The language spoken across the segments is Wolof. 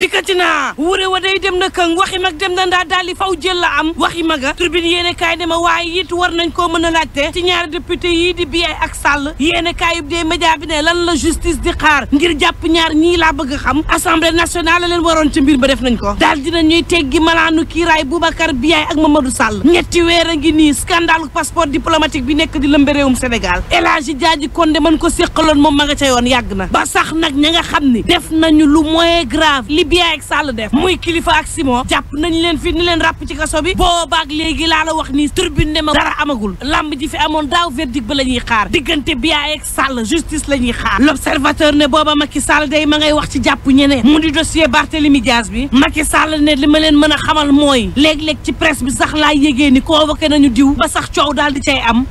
dikkati naa wure wa day dem na këng waxi mag dem na ndaa daali faw jël la am waxi maga turbine yéen kaay waaye it war nañ koo mën a laajte ci ñaari député yii di Biaye ak Sall yéen dee média bi ne lan la justice di xaar ngir jàpp ñaar ñi laa bëgg xam assemblée nationale leen waroon ci mbir ba def nañ ko daal dina ñuy teggi malaanu kiiraay Boubacar Biaye ak Mamadou Sall ñetti weer a ngi nii scandale passeport diplomatique bi nekk di lëmbe réewum ko moom ma nga ca yoon yàgg na ba sax nag ña nga xam ni bien ak Sall def muy kilifa ak Simon jàpp nañ leen fi ni leen ràpp ci kaso bi boobaak léegi laa la wax nii turbine ne ma dara amagul lamb ji fi amoon daaw verdict ba la xaar diggante bien ak Sall justice la xaar l'observateur ne booba Macky Sall day ma ngay wax ci jàpp ñeneen mu di dossier Barthélemy bi Macky Sall ne li ma leen mën a xamal mooy léeg-léeg ci presse bi sax laa yégée ni ba sax coow di cay am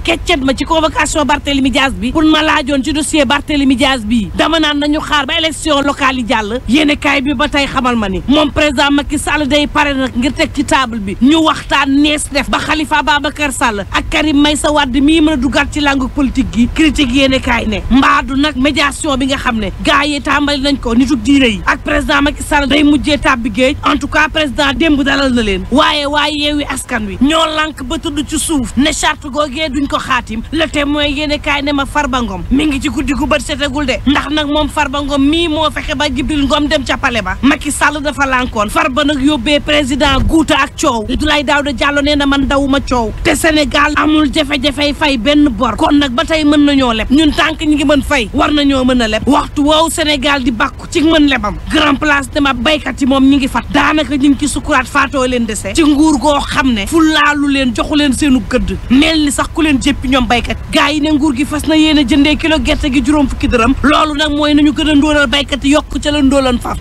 convocation Barthélemy bi pour ma laajoon ci dossier Barthélemy ba élection locale yi jàll may xamal ma ni moom président Macky Sall day pare nag ngir teg ci table bi ñu waxtaan nees def ba xalifa Khalifa Babacar Sall ak may sa Wade mii mën a dugaat ci langue politique gi critique yéene kaay ne mbaadu nag médiation bi nga xam ne gars yi tàmbali nañ ko ni nitug diine yi ak président Macky Sall day mujjee tàbbi géej en tout cas président démb dalal na leen waaye waaye yeewi askan wi ñoo lànk ba tudd ci suuf ne charte googee duñ ko xaatim le témoin yéene kaay ne ma Farba Ngom mi ngi ci guddi gu bët setegul de ndax nag moom Farba Ngom mii fexe ba Jibril Ngom dem ca pale ba Macky Sall dafa lankoon far ba nag yóbbee président guuta ak coow Abdoulaye Daouda Diallo nee na man dawuma coow te Sénégal amul jafe-jafey fay benn bor kon nag ba tey mën nañoo leb ñun tànk ñi ngi mën fay war nañoo mën a leb waxtu woow Sénégal di bàkku ci mën lebam grand place dama béykat yi moom ñi ngi fat daanaka ñu ngi ci sukuraat faatoo leen dese ci nguur goo xam ne fu laalu leen joxu leen seenu gëdd mel ni sax ku leen jéppi ñoom béykat gaa yi ne nguur gi fas na yéen a jëndee kilo gerte gi juróom fukki dërëm loolu nag mooy nañu gën a ndóolal béykat yi yokk ca la ndóolan faf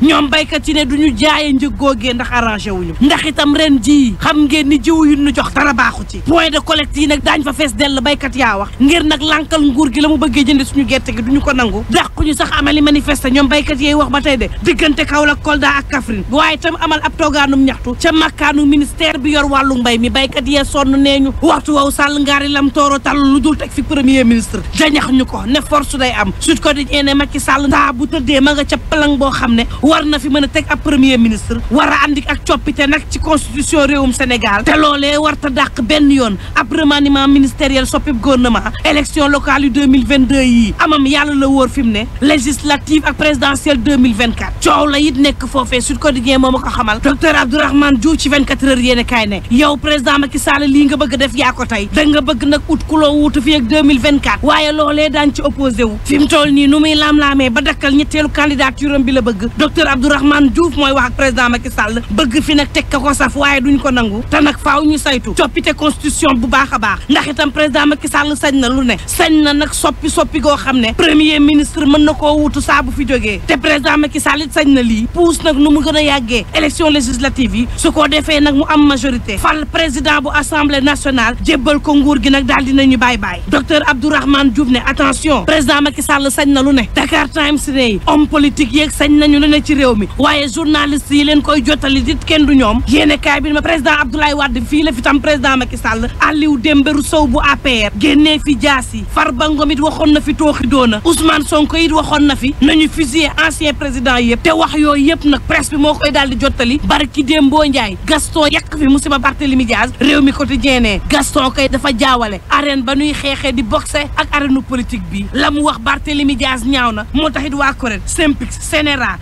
ci ne du ñu jaayee njëg googee ndax arrangé wuñu ndax itam ren ji xam ngeen ni jiw yu ñu jox dara baaxu ci point de collecte yi nag daañ fa fees dell baykat yaa wax ngir nag lànkal nguur gi la mu bëggee jënde suñu gerte gi duñu ko nangu ñu sax amali manifeste ñoom baykat yee wax ba tey de diggante Kaolack Kolda ak Kaffrine waaye tam amal ab toogaanum ñaxtu ca makkaanu ministère bi yor wàllu mbay mi baykat yee sonn nee ñu waxtu waw sàll ngaari lam tooro tal lu dul teg fi premier ministre jañax ñu ko ne force day am sut ko di ñee ne Macky Sall bu tëddee ma nga ca palang boo xam ne war na fi mën a teg ab premier ministre war a andi ak coppite nag ci constitution réewum Sénégal te loolee warta dàq benn yoon ab remaniement ministériel soppib gouvernement élection locale yu 2022 yii amam yàlla la wóor fi mu ne législative ak présidentielle 2024 coow la it nekk foofee Sud Quotidien moo ma ko xamal docteur Abdourahmane Diouf ci 24 heures yéen a kaay ne yow président Macky Sall lii nga bëgg def yaa ko tey da nga bëgg nag ut bi la bëgg docteur Abdourahmane Abdourahmane Diouf mooy wax ak président Macky Sall bëgg fi nag teg ko saf waaye duñ ko nangu te nag faaw ñu saytu coppite constitution bu baax a baax ndax itam président Macky Sall sañ na lu ne sañ na nag soppi soppi goo xam ne premier ministre mën na koo wutu saa bu fi jógee te président Macky sañ na lii puus nag nu mu gën a yàggee élection législative yi su ko defee nag mu am majorité fal président bu assemblée nationale jébbal ko nguur gi nag daal dinañu bàyyi bàyyi docteur Abdourahmane Diouf ne attention président Macky Sall sañ na lu ne Dakar Times ne yeeg sañ nañu lu ne ci réew mi waaye journaliste yi leen koy jottali dit kenn du ñoom yéene kaay bi ma président Abdoulaye Wade fii la fi tam président Macky Sall Aliou Dembourou Sow bu APR génnee fi jaas yi Farba Ngom it waxoon na fi tooxi doona Ousmane Sonko it waxoon na fi nañu fusiller ancien président yëpp te wax yooyu yëpp nag presse bi moo koy daal di jottali barki Dembo Ndiaye Gaston yàq fi musiba Barthélémy Diaz réew mi quotidien ne Gaston kay dafa jaawale arène ba nuy xeexee di boxe ak arène politique bi la mu wax Barthélémy Diaz ñaaw na moo taxit waa CORED SYNPICS CNRA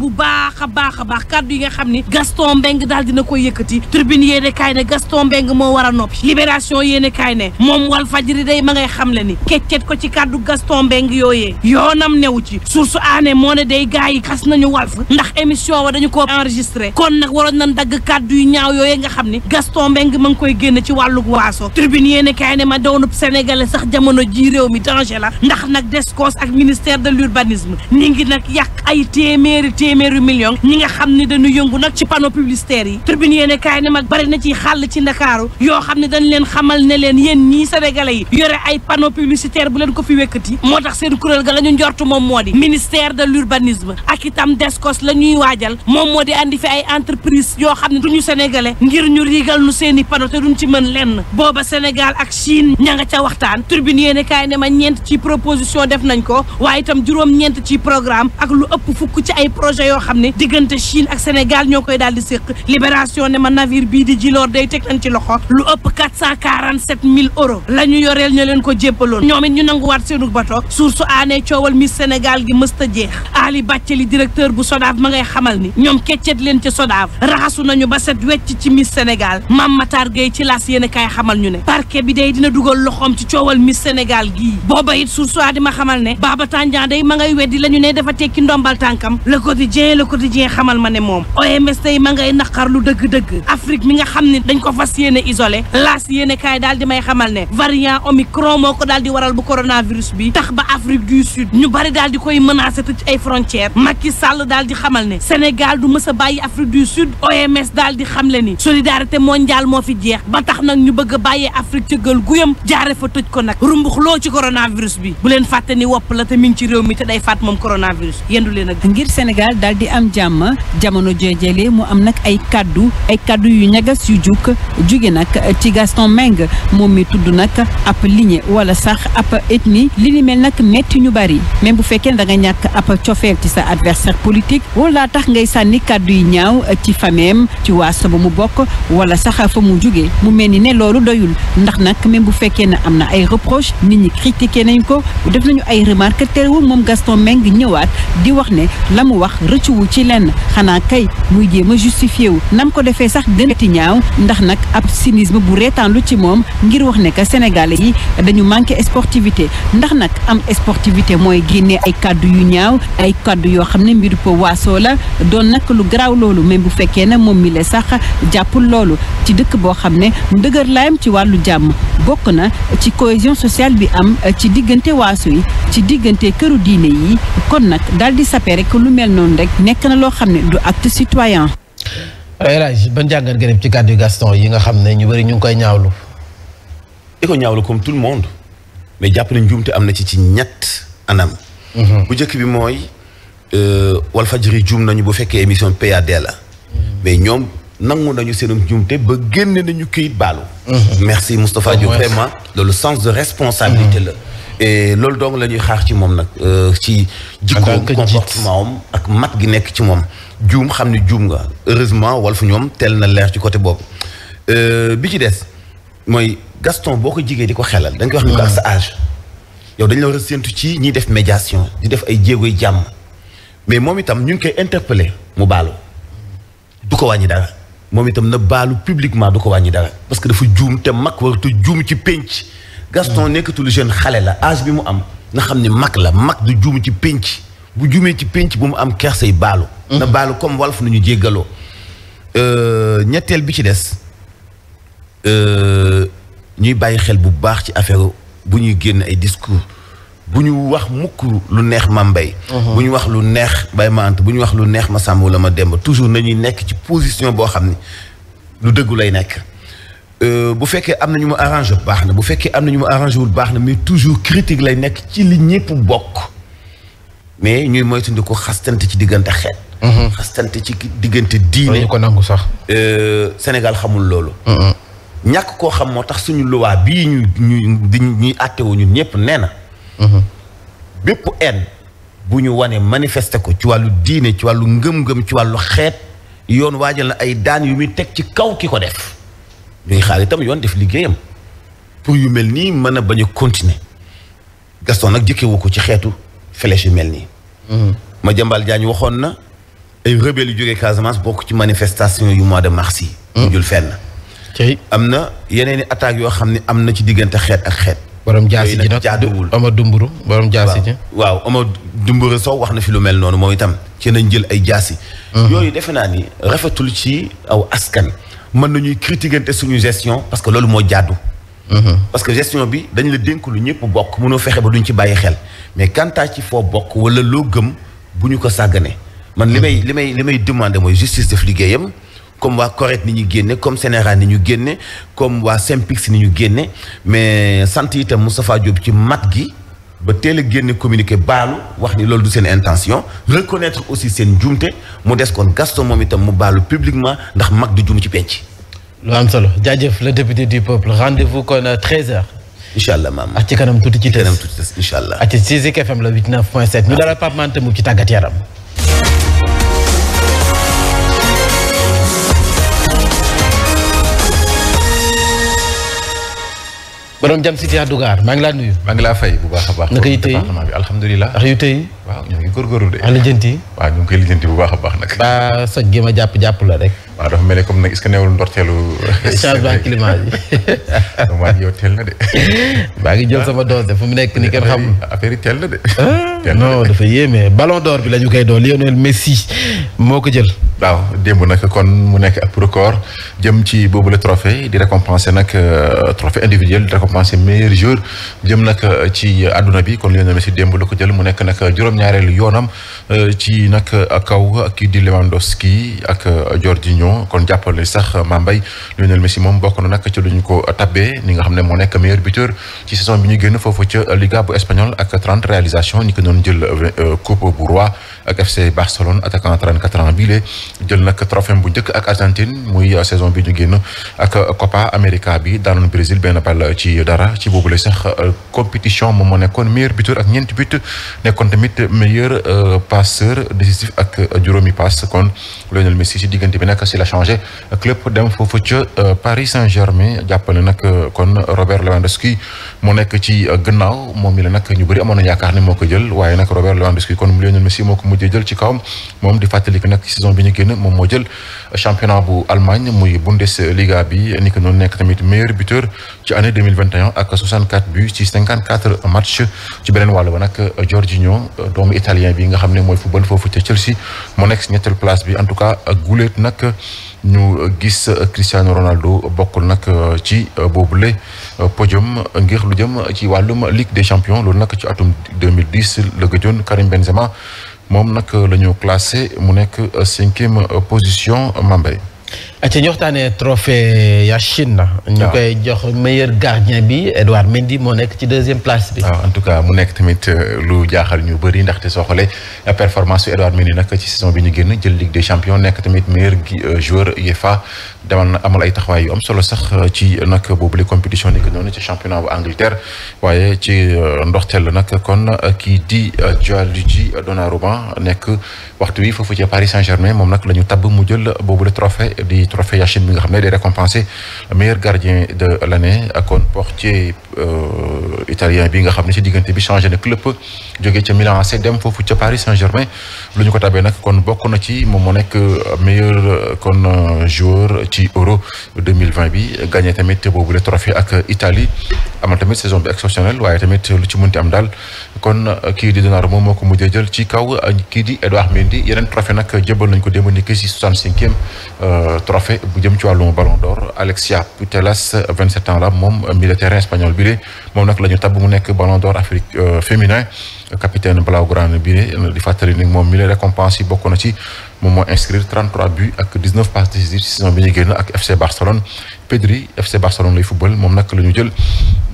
bu baax a baax a baax kàddu yi nga xam ni Gaston Mbengue daal dina koy yëkkati tribune yéene kaay ne Gaston Mbengue moo war a noppi libération yéene kaay moom wal fajiri day ma ngay xam le ni keccet ko ci kàddu Gaston yooye yooyee yoonam new ci source aané moo ne day gars yi xas nañu Walf ndax émission wa dañu ko enregistré kon nag waroon nañ dagg kàddu yu ñaaw yooyee nga xam ni Gaston Mbengue ma ngi koy génn ci wàllug waaso tribune yéene kaay ne ma doonub sénégale sax jamono ji réew mi danger la ndax nag descos ak ministère de l'urbanisme ñi ngi nag yàq ay téeméeri téeméeri million ñi nga xam ne dañu yëngu nag ci panneau publicitaire yi tribune yéene kaay ne mag bari na ci xàll ci ndakaaru yoo xam ne dañu leen xamal ne leen yéen ñii sénégalais yi yore ay panneau publicitaire bu leen ko fi wékkati moo tax seen kuréel ga la ñu njort moom moo di ministère de l'urbanisme ak itam descos la ñuy waajal moom moo di indi fi ay entreprise yoo xam ne duñu sénégalais ngir ñu riigal nu seen i panneau te duñ ci mën lenn booba Sénégal ak Chine ña nga ca waxtaan tribune yéene kaay ne ñeent ci proposition def nañ ko waaye itam juróom ñeent ci programme ak lu ëpp projet yoo xam ne diggante Chine ak Sénégal ñoo koy daal di séq libération ne ma navire bii di Djilor day teg nañ ci loxo lu ëpp quatre cent quarante sept mille euros la ñu yoreel ñu leen ko jébbaloon ñoom it ñu nanguwaat seenu bato suur su aanee coowal Miss Sénégal gi mësta jeex Ali Bathily directeur bu SODAV ma ngay xamal ni ñoom keccet leen ci SODAV raxasu nañu ba set wecc ci Miss Sénégal Mame Matar Gueye ci laas yéen kaay xamal ñu ne parquet bi day dina dugal loxoom ci coowal Miss Sénégal gii booba it suur su di ma xamal ne Baba Tandian day ma la ñu ne dafa tekki ndombal tànkam quotidien le quotidien xamal ma ne moom OMS tey ma ngay lu dëgg-dëgg Afrique mi nga xam ne dañ ko fas yéene isolé laas yéene daal di may xamal ne variant omicron moo ko daal di waral bu coronavirus bi tax ba Afrique du Sud ñu daal di koy menacé tëj ay frontières Macky Sall daal di xamal ne Sénégal du mës a bàyyi Afrique du Sud OMS daal di xamle ni solidarité mondiale moo fi jeex ba tax nag ñu bëgg a bàyyee Afrique cëggal guyam jaare fa tëj ko nag rumbuxloo ci coronavirus bi bu leen fàtte ni wopp la te mi ci réew mi te day fàtt moom coronavirus yendu leen ak ngir Sénégal Sénégal daal di am jàmm jamono jeejele mu am nag ay kàddu ay kaddu yu ñagas yu jukk juge nag ci Gaston Mbengue moom mi tudd nag app lignée wala sax ab ethnie li ni mel nag metti ñu bari même bu fekkee da nga ñàkk app cofeel ci sa adversaire politique wala tax ngay sànni kaddu yi ñaaw ci fameem ci waas ba mu bokk wala sax fa mu jugee mu mel ni ne loolu doyul ndax nag même bu fekkee ne am na ay reproche nit ñi critiqué nañ ko def nañu ay remarque teewul moom Gaston Mbengue ñëwaat di rëccuwu ci lenn xanaa kay muy jéem a justifié wu nam ko defee sax dënati ñaaw ndax nag ab cynisme bu reetaanlu ci moom ngir wax ne que sénégalais yi dañu manqué sportivité ndax nag am sportivité mooy génne ay kàddu yu ñaaw ay kàddu yoo xam ne mbiru po waasoo la doon nag lu garaaw loolu même bu fekkee ne moom mile sax jàppul loolu ci dëkk boo xam ne ndëgër laayam ci wàllu jàmm bokk na ci cohésion sociale bi am ci diggante waaso yi ci diggante këru diine yi kon nag daal di sape rek lu mel noonu noonu rek nekk na loo xam ne du acte citoyen. El Hadj ban jàngat nga ci kàddu Gaston yi nga xam ne ñu bëri ñu ngi koy ñaawlu. di ko ñaawlu comme tout le monde mais jàpp nañ njuumte am na ci ci ñett anam. Mhm. bu njëkk bi mooy euh, Walfadjri juum nañu bu fekkee émission PAD la. Mhm. mais ñoom nangu nañu seenum juumte ba génne nañu këyit baalu. Mhm. merci Moustapha Diop ah, vraiment loolu sens de responsabilité la. loolu doom la ñuy xaar ci moom nag euh, ci jikkoom comportement am ak mat gi nekk ci moom juum xam ne juum nga heureusement fu ñoom teel na leer ci côté boobu euh, bi ci des mooy Gaston boo ko jigee di ko xelal dañ koy wax ni ak sa age yow dañ la war a séentu ci ñiy def médiation di def ay jéegoy jàmm mais moom itam ñu ngi koy interpellé mu baalu du ko wàññi dara moom itam na baalu publiquement du ko wàññi dara parce que dafa juum te mag waratu juum ci pénc Gaston nekkatul jeune xale la âge bi mu am na xam ne mag la mag du jum ci pénc bu juumee ci pénc bu mu am kersay baalu na mhm. baalu comme walf na ñu jéggaloo euh, ñetteel bi ci des euh, ñuy bàyyi xel bu baax ci affaire bu ñuy génn ay discours bu ñu wax mukk lu neex Mame Mbaye mhm. bu ñu wax lu neex Baye Mante bu ñu wax lu neex ma Massamba wala Mademba toujours na ñuy nekk ci position boo xam ne lu dëggu lay nekk Euh, bu fekkee am na ñu mu arrangé baax na bu fekkee am na ñu mu arrangé baax na mais toujours critique lay nekk ci li ñëpp bokk mais ñuy moytundi ko xastante ci diggante xeet. Mhm. xastante ci diggante diine. ko nangu sax. Euh, Sénégal xamul loolu. Mhm. ñàkk koo xam moo tax suñu luwaa bii ñu ñu di ñuy àttewu ñun ñëpp nee na. Mhm. bépp haine bu ñu wanee manifester ko ci wàllu diine ci wàllu ngëm-ngëm ci wàllu xeet yoon waajal na ay daan yu muy teg ci kaw ki ko def. ñuy xaar itam yoon def liggéeyam pour yu mel nii mën a bañu a continuer Gaston nag jëkkewu ko ci xeetu flèche yu mel nii. Mhm. ma jambal jaañ waxoon na ay rebelles yu jógee Casamance bokk ci manifestation yu mois de mars yi. mu mhm. jul fenn. am na yeneen i attaques yoo xam ne am na ci diggante xeet ak xeet. borom jaasi ji nag jaaduwul Omar Dumburu borom jaasi ji. waaw Omar Dumburu Sow wax na fi lu mel noonu moom itam ci nañ jël ay jaasi. Mhm. yooyu defe naa ni rafetul ci aw askan. mën nañuy critiquer suñu gestion parce que loolu moo jàddu mhm. parce que gestion bi dañu la dénk lu ñëpp bokk mënoo fexe ba duñ ci bàyyi xel mais kantaa ci foo bokk wala loo gëm bu ñu ko sàgganee man li may li may li may demandé mooy justice def liggéeyam comme waa correct ni ñu génne comme Sénégal ni ñu génne comme waa Simpix ni ñu génne mais sant itam Moustapha Diop ci mat gi ba teel a génne communiqué baalu wax ni loolu du seen intention reconnaître aussi seen njuumte mu des koon Gaston moom itam mu baalu publiquement ndax mag du juum ci penc. lu am solo jaajëf le député du peuple rendez-vous kon 13h. incha allah maam ak ci kanam tuuti ci tës kanam tuuti tës incha allah. ak ci la 89.7 dalal Pape mu ci tàggat yaram. borom jam cité Dougar maa ngi laa nuyu. maa ngi laa fay bu baax a baax. naka yi tey département bi alhamdulilah. ndax yu tey. waaw ñu ngi góorgóorlu de. ah lijjanti. waaw ñu ngi koy lijjanti bu baax a baax nag. ba soj gi ma jàpp jàpp la rek. waaw dafa mel ni comme nag est-ce que newul ndorteelu. changement climat bi. waa yow teel na de. maa ngi jël sama dose de fu mu nekk ni kenn xam. affaire teel na de. non dafa yéeme ballon d'or bi la ñu koy doon Lionel Messi moo ko jël. waaw démb nag kon mu nekk ak record jëm ci boobu la trophée di récompenser nag trophée individuel di récompenser meilleur joueur jëm nag ci àdduna bi kon Lionel Messi démb lu ko jël mu nekk nag juróom-ñaareelu yoonam eh, ci nag kaw kii di Lewandowski ak Jorginho saison kon jàppale sax Mame Mbaye Messi moom bokk na ci lu ko tabbee ni nga xam ne moo nekk meilleur buteur ci saison bi ñu génn foofu ca Liga bu espagnol ak 30 réalisations ñi ko doon jël euh, coupe bu roi ak FC Barcelone attaquant 34 ans bii lee jël nag trophée bu njëkk ak Argentine muy euh, saison bi ñu génn ak euh, Copa América bi daanoon Brésil benn bal ci dara ci boobule sax compétition moom moo nekkoon meilleur buteur ak ñeenti but nekkoon kon ci la changé club dem foofu ca euh, Paris Saint-Germain jàppale nag euh, kon Robert Lewandowski moo nekk ci euh, gannaaw moom mi la ñu bëri amoon na yaakaar ni moo ko jël waaye nag Robert Lewandowski kon Lionel Messi moo ko mujjee jël ci kawam moom di fàttali que nag saison bi ñu génn moom moo jël championnat bu Allemagne muy liga bi ni ko noonu nekk tamit meilleur buteur. ci année 2021 ak 64 buts ci 54 match ci beneen wàll ba nag euh, Jorginho euh, doomu italien bi nga xam ne mooy football foofu ca Chelsea moo nekk si ñetteelu place bi en tout cas euh, guléet nag ñu gis Cristiano Ronaldo bokkul nag ci boobu boobule podium ngir lu jëm ci wàllum Ligue des champions loolu nag ci atum 2010 la gëjoon Karim Benzema moom nag la ñu mu nekk cinquième position Mambay ci ñu waxtaanee trophée chine na ñu koy jox meilleur gardien bi Edouard Mendy moo nekk ci deuxième place bi waaw en tout cas mu nekk tamit euh, lu jaaxal ñu bëri ndaxte soo xoolee euh, performance su Edouard Mendy nag ci saison bi ñu génn jël Ligue des Champions nekk tamit meilleur euh, joueur UEFA demal na amal ay taxawaay yu am solo sax ci nag boobule compétition ni ko noonu ci championnat bu Angleterre waaye ci ndoxteel nag kon kii di Gianluigi Donnarumma nekk waxtu wi foofu ci Paris saint moom nag la ñu tabb mu jël boobule trophée di trophée Yachine bi nga xam ne day récompensé meilleur gardien de l'année kon portier Euh, italien bi nga xam ne ci diggante bi changé na club joge ca Milan AC dem foofu ca Paris Saint-Germain lu ñu ko tabee nag kon bokk na ci moom moo nekk meilleur kon joueur ci Euro 2020 bi gagné tamit boobu le trophée ak Italie amal tamit saison bi exceptionnelle waaye tamit lu ci mënti am daal kon kii di moom moo ko mujjee jël ci kaw kii di Edouard Mendy yeneen trophée nag jëbal nañ ko démb ni ki ci 65e euh, trophée bu jëm ci wàllum Ballon d'Or Alexia Putellas 27 ans la moom milieu terrain espagnol bi bile moom nag la ñu tabb mu nekk ballon d'or Afrique euh, féminin capitaine blaugrana bile di fàttali moom mi la récompense yi bokk na ci moom moo inscrire 33 ak FC Barcelone Pedri FC Barcelone lay football moom nag la jël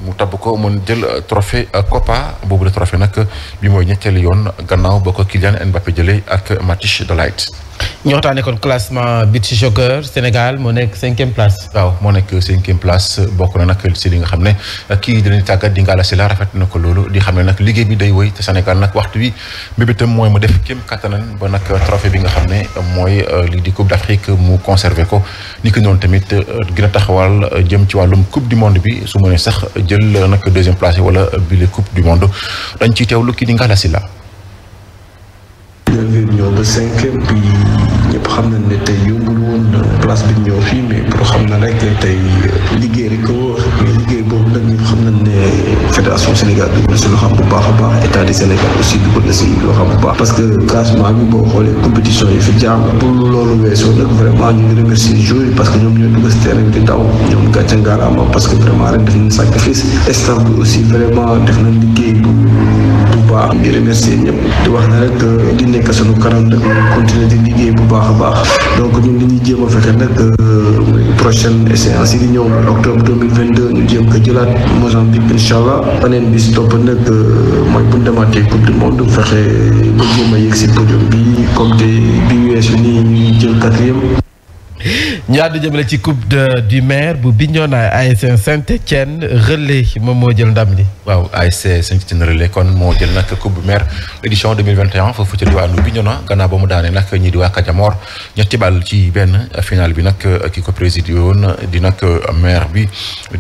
mu tabb ko mën jël trophée euh, Copa boobu la trophée nag bi mooy ñetteelu yoon gannaaw boo ko Kylian Mbappé jëlee ak Matthijs de Ligt ñu waxtaanee kon classement beach soccer Sénégal moo nekk cinquième place. waaw moo nekk cinquième place bokk na nag si li nga xam ne euh, kii dinañ tàggat di ngala si la rafet na ko loolu di xam ne nag liggéey bi day woy te Sénégal nag waxtu bi mbébétam mooy mu def kéem kattanan ba nag trophée bi nga xam ne euh, mooy euh, lii di Coupe d'Afrique mu conservé ko. ni ko noonu tamit gën taxawal jëm ci wàllum Coupe du Monde bi su ma nee sax jël nag deuxième place wala bi la Coupe du Monde dañ ciy lu kii di ngala si la bi ñëw ba cinquième bi ñëpp xam nañ ne tey yombul woon place bi ñëw fii mais pour xam na rek ne tey liggéey rek xam nañ ne fédération Sénégal dugg na xam bu baax a baax état du Sénégal aussi dugg na si loo xam bu baax parce que classement bi boo xoolee compétition yi fi jaam pour loolu weesoo nag vraiment ñu ngi remercier joueurs yi si terrain bi aussi vraiment def nañ liggéey bu bu baax di remercier ñëpp di wax na rek euh, di nekk sunu kanam nag continuer di liggéey bu baax baax donc ñun dañuy jéem a fexe nag euh, prochaine échéance yi di ñëw octobre 2022 ñu jéem ko jëlaat Mozambique incha allah beneen bis topp nag euh, mooy bu ñu demaatee coupe du monde fexe ba jéem a si podium bi comme te bi weesu nii ñu jël quatrième ñu àddu jëmale ci coupe de du maire bu Bignona ASC Saint-Étienne relais moom moo jël ndam li. waaw ay ASC Saint-Étienne relais kon moo jël nag coupe du maire édition 2021 foofu ci diwaanu Bignona gannaaw ba mu daane nag ñi di waa Kajamor ñetti bal ci benn final bi nag euh, ki ko présidé woon di nag euh, maire bi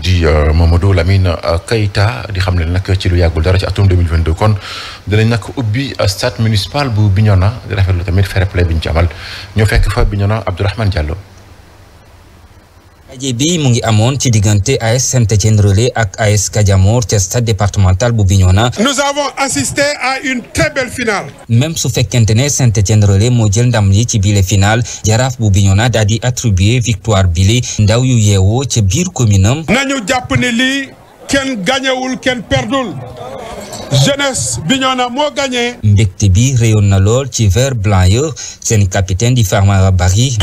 di euh, Mamadou Lamine Keita di xam ne nak ci lu yàggul dara ci atum 2022 kon dinañ nag ubbi stade municipal bu Bignona rafet rafetlu tamit fair play bi ñu ci amal ñoo fekk fa Bignona Abdourahmane Diallo. daje bi mu ngi amoon ci diggante AS Saint-Étienne Relais ak AS Kadiamor ca stade départemental bu Bignona. nous avons assisté à une très belle finale. même su fekkente ne Saint-Étienne Relais moo jël ndam li ci bile finale jaraaf bu Bignona daal di attribuer victoire bile ndaw yu yeewoo ca biir commune am. nañu jàpp ne lii kenn gañewul kenn perdul. jeunesse Bignona moo gagné. mbégte bi réyoon na lool ci vert blanc yo seen capitaine di Famara Bari.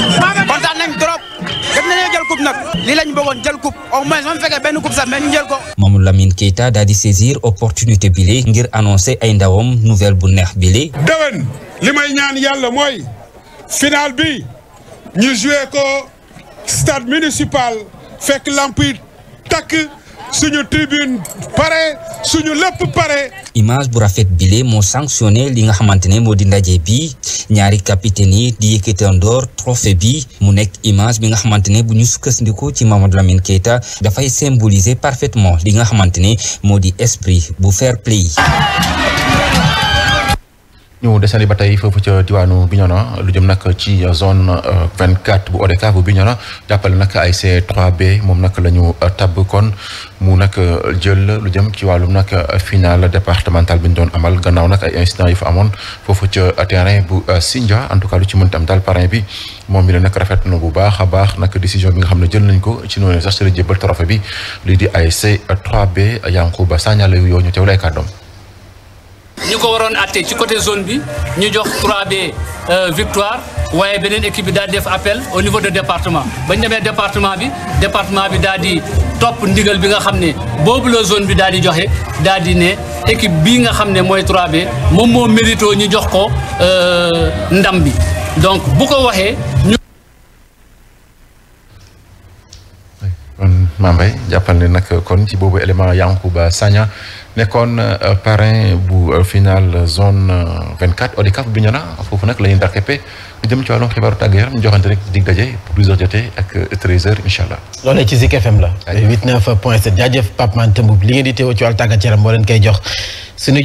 def nañoo jël coupe nag lii lañ bëggoon jël coupe au moins même fekkee benn coupe sax mais ñu jël ko. Mamadou Lamine Keita daal di saisir opportunité bi li ngir annoncer ay ndawam nouvelle bu neex bi li déwén li may ñaan yàlla mooy final bi ñu joué ko stade municipal fekk lamp takk. suñu tribune pare suñu lépp pare. image bu rafet bile moo sanctionné li nga xamante ne moo di ndaje bi ñaari capitaine yi di yëkkatandoor trophée bi mu nekk image bi nga xamante ne bu ñu sukkandiku ci Mamadou Lamine Keita dafay symboliser parfaitement li nga xamante ne moo di esprit bu fair play. ñu desandi ba tey foofu ca diwaanu Bignona lu jëm nag ci zone 24 euh, bu ODCAV bu Bignona jàppale nag ay C3B moom nag la ñu euh, tabb kon mu nag euh, jël lu jëm ci wàllum nag final départemental bi ñu doon amal gannaaw nag ay incidents yu fa amoon foofu ca terrain bu Sindia en tout cas lu ci mënti am daal parrain bi moom mi la nag rafet na bu baax a baax nag décision bi nga xam ne jël nañ ko ci noonu sax ci la jébbal trophée bi lii di ay C3B Yankouba Sagna la yoo ñu teewlee kàddoom ñi ko waroon àtte ci côté zone bi ñu jox 3B euh, victoire waaye beneen équipe bi daal def appel au niveau de département bañ demee département bi département bi daal di topp ndigal bi nga xam ne boobu la zone bi daal di joxe daal di ne équipe bii nga xam ne mooy 3B moom moo mérito ñu jox ko euh, ndam bi donc bu ko waxee. Mame Mbaye jàppal ne nag kon ci boobu élément Yankouba Sagna nekkoon euh, parrain bu euh, final zone 24 euh, ODCAV Bignona foofu nag la ñuy ndàrkeppe lu jëm ci wàllum xibaaru tàgg yaram ñu joxante rek dig daje pour 12 heures jotee ak 13 heures incha allah. loolee ci Zik FM la. 89 point 7 jaajëf Pape Man Tëmbub li ngeen di teewoo ci wàllu tàggat yaram moo leen koy jox suñu.